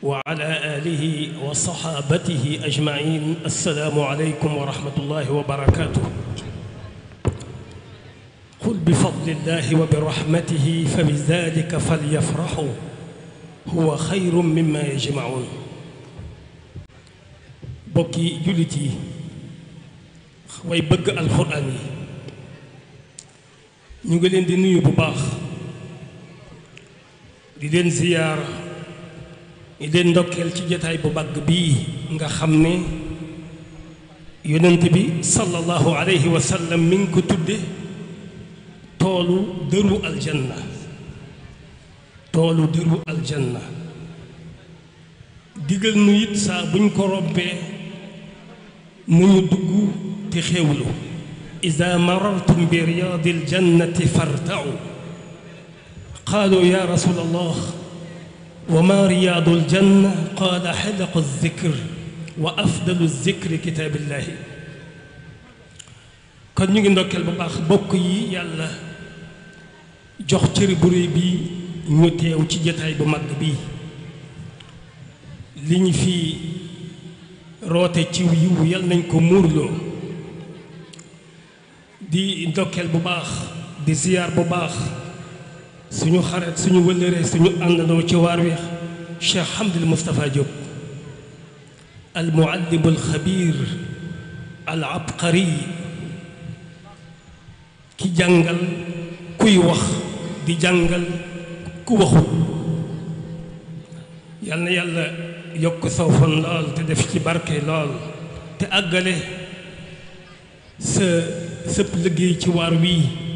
wa ala alihi wa saxaabatihi ajmain assalaamu aleykum wa rahmatullahi wa barakaatu. qul bi fadlillahi wa bi rahmatihi fa bi zaalika falyafraxu huwa xayrun mimma yajmaun bokki jullit yi way bëgg alxuraan yi ñu ngi leen di nuyu bu baax di leen ziyaar ñu deen ci jataay bu bàgg bii nga xam ne yonent bi sallallahu alayhi wa sallam mi ngi ko tudde toolu dëru aljanna toolu dëru aljanna digal nu it saa buñ ko rompee nu ñu dugg te xéewlu ida marartum bi riyaadi aljannati fartau qaalu ya rasul allah wa maa riyaadul janna qaala xalaqu wa afdalu zikri kitaabillahi kon ñu ngi ndokkeel bu baax bokk yi yàlla jox cër bu réy bi ñu teew ci jataay bu mag bi li ñu fi roote ci yiw yal nañ ko muurloo di ndokkeel bu baax di ziyaar bu baax suñu xarit suñu wëllëree suñu àndandoo ci waar wi Cheikh Hamdul Moustapha Diop al muallim al xabiir al abqari ki jàngal kuy wax di jàngal ku waxul yal na yàlla yokk saw fan lool te def ci barke lool te àggale sa sëpp liggéey ci waar wii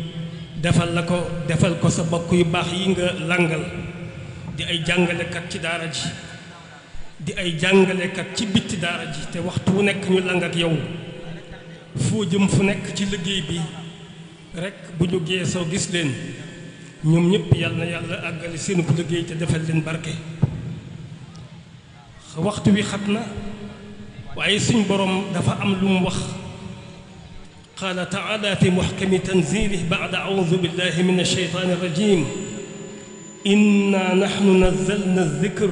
defal la ko defal ko sa bokk yu baax yi nga langal di ay jàngalekat ci daara ji di ay jàngalekat ci bitti daara ji te waxtu wu nekk ñu lang yow foo jëm fu nekk ci liggéey bi rek bu ñu geesoo gis leen ñoom ñëpp yàlla na yàlla àggale seen bu liggéey te defal leen barke waxtu wi xat na waaye suñ borom dafa am lu mu wax قال تعالى في محكم تنزيله بعد أعوذ بالله من الشيطان الرجيم إنا نحن نزلنا الذكر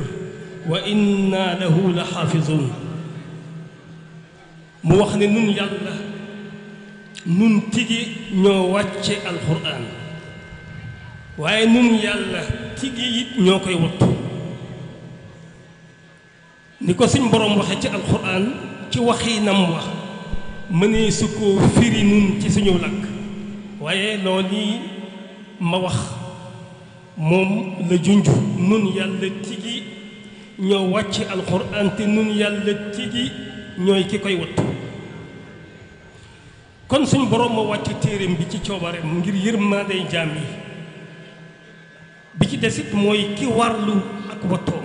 وإنا له لحافظون mu wax ne nun yàlla nun tigi ñoo wàcce alxuraan waaye nun yàlla tigi it ñoo koy wattu ni ko suñ boroom waxe ci alxuraan ci waxi nam wax mënee su ko firi nun ci suñu làkk waaye loolu yi ma wax moom la junj nun yàlla tigi ñoo wàcc alxuraan te nun yàlla tigi ñooy ki koy wattu kon suñu boroom ma wàcc téereem bi ci coobareem ngir yërmaandey jaam yi bi ci desit mooy ki warlu ak wattoom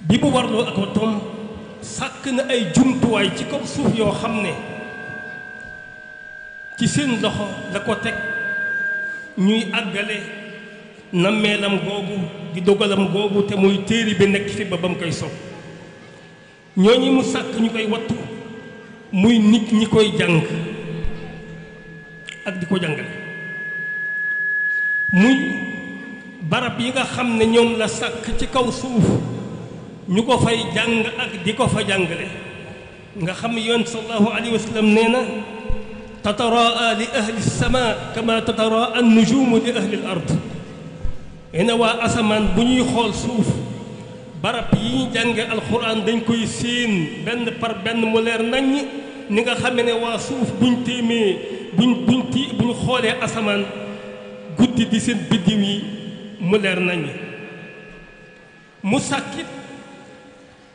bi bu warlu ak wattoom sàkk na ay jumtuwaay ci kaw suuf yoo xam ne ci seen loxo la ko teg ñuy àggale nammeelam googu di dogalam googu te muy téere bi nekk fi ba ba mu koy sopp ñooñu mu sàkk ñu koy wattu muy nit ñi koy jàng ak di ko jàngale muy barab yi nga xam ne ñoom la sàkk ci kaw suuf ñu ko fay jàng ak di ko fa jàngale nga xam yoon sallallahu alayhi wa sallam nee na tataraa li ahli sama kama tataraa an nujumu li ahli ard nee na waa asamaan bu ñuy xool suuf barab yi ñu jànge alxuraan dañ koy séen benn par benn mu leer naññ ni nga xam ne waa suuf buñ téemee buñ buñ ti buñ xoolee asamaan guddi di seen biddiw yi mu leer naññ mu sàkkit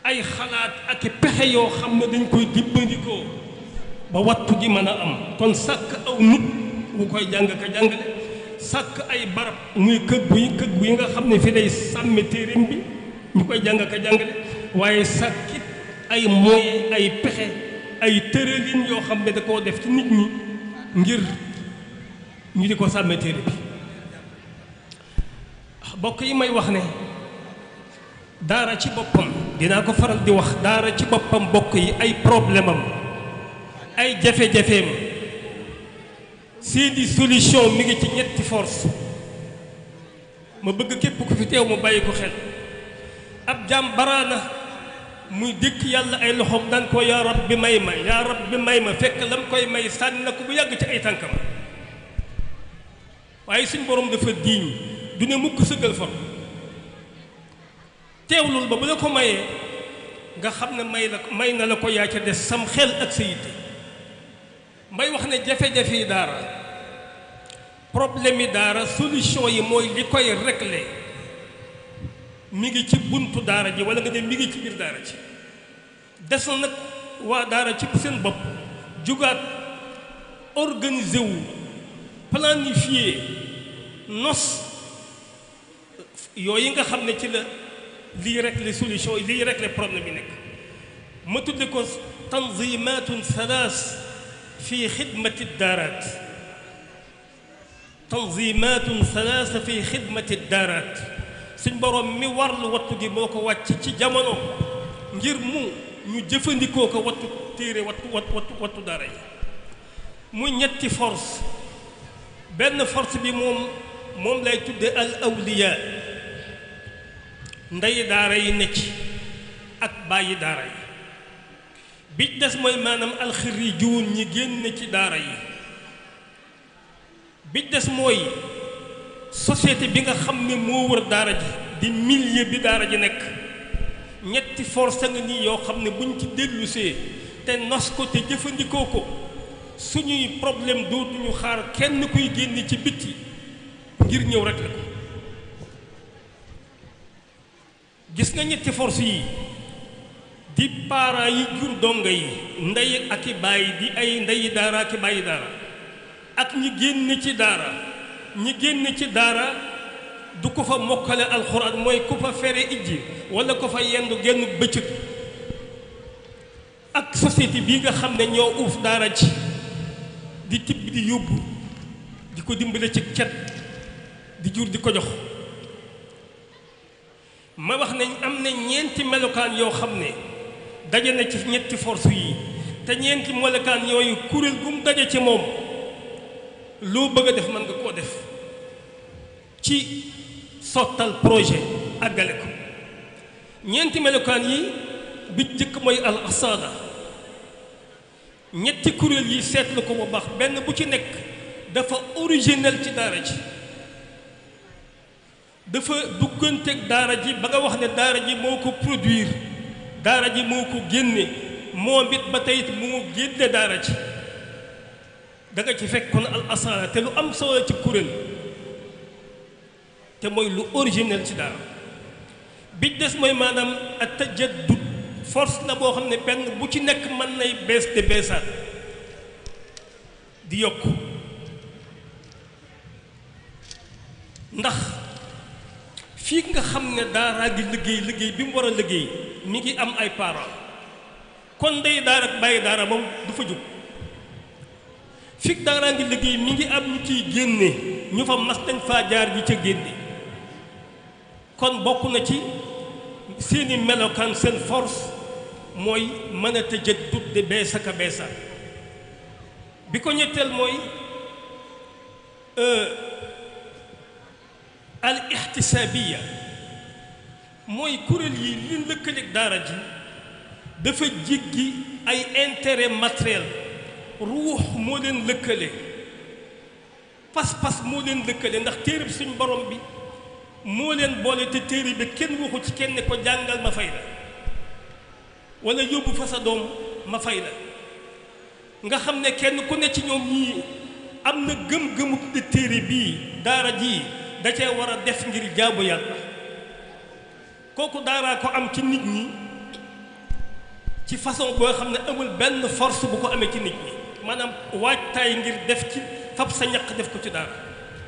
ay xalaat ak i pexe yoo xam ne dañ koy dibbandikoo ba wattu ji mën a am kon sàkk aw nit wu koy jàng ka jàngale sàkk ay barab muy këg bu yi këg yi nga xam ne fi day sàmme téerim bi ñu koy jàng ka jàngale waaye sàkkit ay moyen ay pexe ay tëralin yoo xam ne da koo def ci nit ñi ngir ñu di ko sàmme téere bi bokk yi may wax ne daara ci boppam dinaa ko faral di wax daara ci boppam bokk yi ay problème am ay jafe-jafeem seeni solution mi ngi ci ñetti force ma bëgg képp ko fi teew mu bàyyi ko xel ab jaam baraana muy dikk yàlla ay loxoom daan koo yaa rab bi may ma yaa rab bi may ma fekk lam koy may sànni na ko bu yàgg ci ay tànkam waaye suñ borom dafa diiñ du ne mukk sëggal for teewlul ba bu la ko mayee nga xam ne may la may na la ko yaa ca des sam xel ak sa yitte may wax ne jafe-jafe yi daara problème yi daara solution yi mooy li koy régler mu ngi ci buntu daara ji wala nga dem mi ngi ci biir daara ci des nag waa daara ci seen bopp jugaat organiser wu planifier nos yooyu nga xam ne ci la lii rek les solutions lii rek les problèmes yi nekk ma tudde ko tanzimatun thalaas fi xidmati daaraat tanzimatun thalaas fi xidmati daaraat suñ boroom mi warlu wattu gi moo ko wàcc ci jamono ngir mu ñu jëfandikoo ko wattu téere wattu wattu mu ñetti force benn force bi moom lay tudde al awliya ndey daara yi ne ci ak bàyyi daara yi bi des mooy maanaam alxirijuun ñi génn ci daara yi bi des mooy société bi nga xam ne moo wër daara ji di milieu bi daara ji nekk ñetti force nga nii yoo xam ne buñ ci dellusee te nos ko te jëfandikoo ko suñuy problème dootuñu xaar kenn kuy génn ci bitti ngir ñëw rek la gis nga ñetti force yi di parents yi jur donga yi ndey ak i baay di ay ndeyi daara ak i bàyyi daara ak ñi génn ci daara ñi génn ci daara du ko fa mokkale alxuraan mooy ku fa fere ijji wala ko fa yendu genn bëccëg ak société bii nga xam ne ñoo uuf daara ci di tibb di yóbbu di ko dimbale ci cet di jur di ko jox ma wax nañ am na ñeenti melokaan yoo xam ne daje na ci ñetti force yi te ñeenti melokaan yooyu kuréel gu mu daje ci moom loo bëgg a def man nga koo def ci sottal projet ak ko ñeenti melokaan yi bi jëkk mooy al asada ñetti kuréel yi seetlu ko bu baax benn bu ci nekk dafa originel ci daara ji dafa dugganteeg daara ji ba nga wax ne daara ji moo ko produire daara ji moo ko génne moom it ba tey it moo génne daara ji da nga ci fekkoon al asaana te lu am solo ci kuréel te mooy lu originel ci daara bi des mooy maanaam at tajaddud force na boo xam ne benn bu ci nekk mën nay bees de beesaat di yokk ndax fii nga xam ne daaraa ngi liggéey liggéey bi mu war a liggéey mi ngi am ay parents kon day daara bàyyi daara moom du fa jóg fi daaraa liggéey mi ngi am ñu ciy génne ñu fa mas nañ faa jaar ñu ca génne kon bokk na ci seeni melokaan seen force mooy mën a tajaddud de bees ak a bi ko ñetteel mooy euh, al ixtisaabiya mooy kuréel yi lëkkale lëkkaleeg daara ji dafa jéggi ay intérêt matériel ruux moo leen lëkkale pas-pas moo leen lëkkale ndax téere bi suñ borom bi moo leen boole te téere bi kenn waxu ci kenn ko jàngal ma fay la wala yóbbu fa sa doom ma fay nga xam ne kenn ku ne ci ñoom ñii am na gëm-gëmu de téere bii daara ji da cee war a def ngir jàmbu yàlla kooku daara ko am ci nit ñi ci façon boo xam ne amul benn force bu ko amee ci nit ñi maanaam waajtaay ngir def ci fab sa ñaq def ko ci daara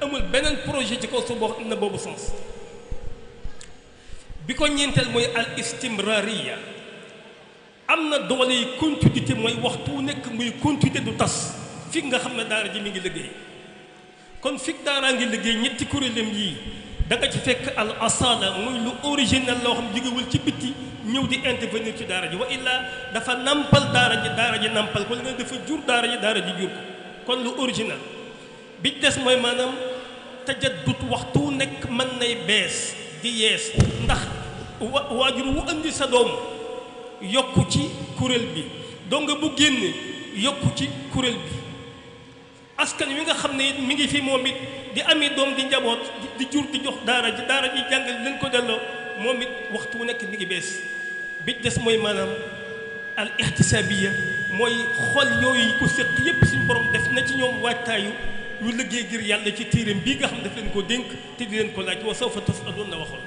amul beneen projet ci kaw su xam ne boobu sens bi ko ñeenteel mooy al istimrariya am na doole yi continuité mooy waxtu nekk muy continuité du tas fi nga xam ne daara ji mi ngi liggéey kon fig daaraa liggéey ñetti kuréelam yii da nga ci fekk al asala muy lu original loo xam jógewul ci bitti ñëw di intervenir ci daara ji wa illaa dafa nampal daara ji daara ji nampal ko li nga jur daara daara ji jur ko kon lu original bi des mooy maanaam tajaddut waxtu wu nekk mën nay bees di yees ndax wa waajur wu andi sa doom yokk ci kuréel bi donc bu génn yokk ci kuréel bi askan wi nga xam ne it mi ngi fi moom it di ami doom di njaboot di jur di jox daara ji daara ji jàngal leen ko delloo moom it waxtu wu nekk mi ngi bees bi des mooy maanaam al ihtisaabiya mooy xol yooyu ko séq yépp suñu borom def na ci ñoom waajtaayu ñu liggéey ngir yàlla ci téereem bii nga xam ne daf leen ko dénk te leen ko laaj wa sawfa tusaluun na waxoon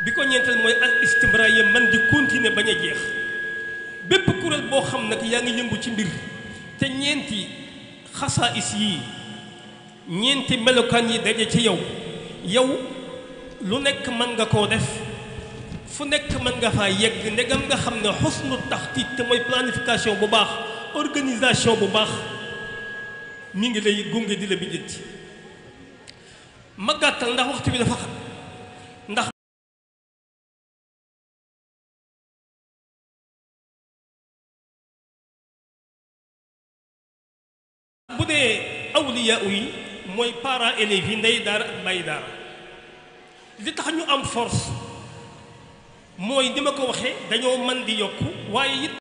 bi ko ñeenteel mooy al istimraaya man di continuer bañ a jeex bépp kuréel boo xam nag yaa ngi yëngu ci mbir te ñeenti xasaais yii ñeenti melokaan yi daje ci yow yow lu nekk mën nga koo def fu nekk mën nga faa yegg ndegam nga xam ne xusnu taxtit te mooy planification bu baax organisation bu baax mi ngi lay gunge di la bi bijjanti ma gàttal ndax waxtu bi dafa xam nee awliya yi mooy parents élèves yi ndey daara ak bàyyi daara li tax ñu am force mooy ni ma ko waxe dañoo man di yokku waaye it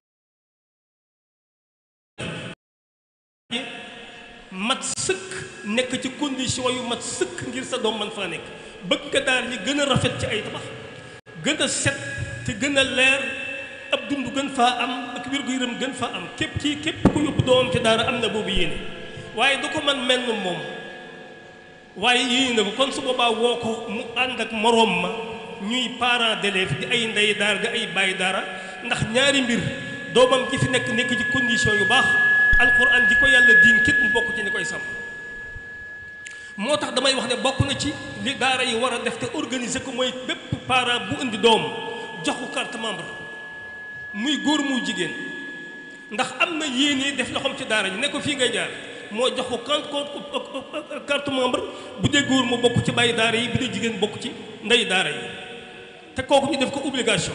mat sëkk nekk ci condition yu mat sëkk ngir sa doom man faa nekk bëgg nga daal li gën a rafet ci ay tabax gën a set te gën a leer ab dund gën faa am ak wér gu yaram gën faa am képp kii képp ku yóbbu doomam ci daara am na boobu yéene waaye du ko man mel na moom waaye yii na ko kon su boobaa woo ko mu ànd ak moroom ma ñuy parent d'élèves di ay ndey daara di ay bàyyi daara ndax ñaari mbir doomam gi fi nekk nekk ci condition yu baax alxuraan di ko yàlla diin kit mu bokk ci ni koy sàmm moo tax damay wax ne bokk na ci li daara yi war a def te organiser ko mooy bépp parent bu indi doom jox ko carte membre muy góor muy jigéen ndax am na yéene def loxoom ci daara ji ne ko fii ngay jaar moo jox ko carte membre bu dee góor mu bokk ci bàyyi daara yi bu dee jigéen bokk ci ndey daara yi te kooku ñu def ko obligation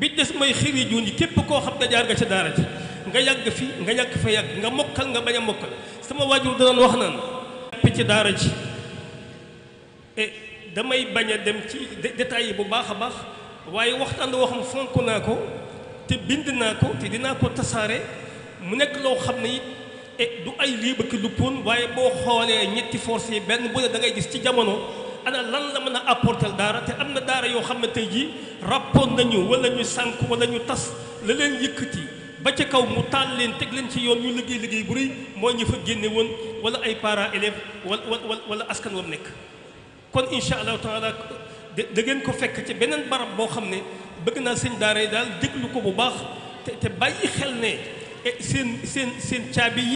bi des mooy xir yi juun yi képp koo xam ne jaar nga ca daara ji nga yàgg fi nga yàgg fa yàgg nga mokkal nga bañ a mokkal sama waajur da wax naan yàpp ci daara ji damay bañ a dem ci détails bu baax a baax waaye waxtaan woo xam fonk naa ko te bind naa ko te dinaa ko tasaare mu nekk loo xam ne Eh, du ay lii bëkki luppoon waaye boo xoolee ñetti force yi benn bu ne da ngay gis ci jamono ana lan la mën a apporter daara te am na daara yoo xam ne tey jii rappoon nañu wala ñu sànk wala ñu tas la leen yëkkati ba ci kaw mu taal leen teg leen ci yoon yu liggéey liggéey bu rëy mooy ñi fa génne wala ay parents élèves wala wala askan wam nekk kon incha allahu taala da ngeen ko fekk ci beneen barab boo xam ne bëgg naa seen daara yi daal déglu ko bu baax te te bàyyi xel ne eh, seen seen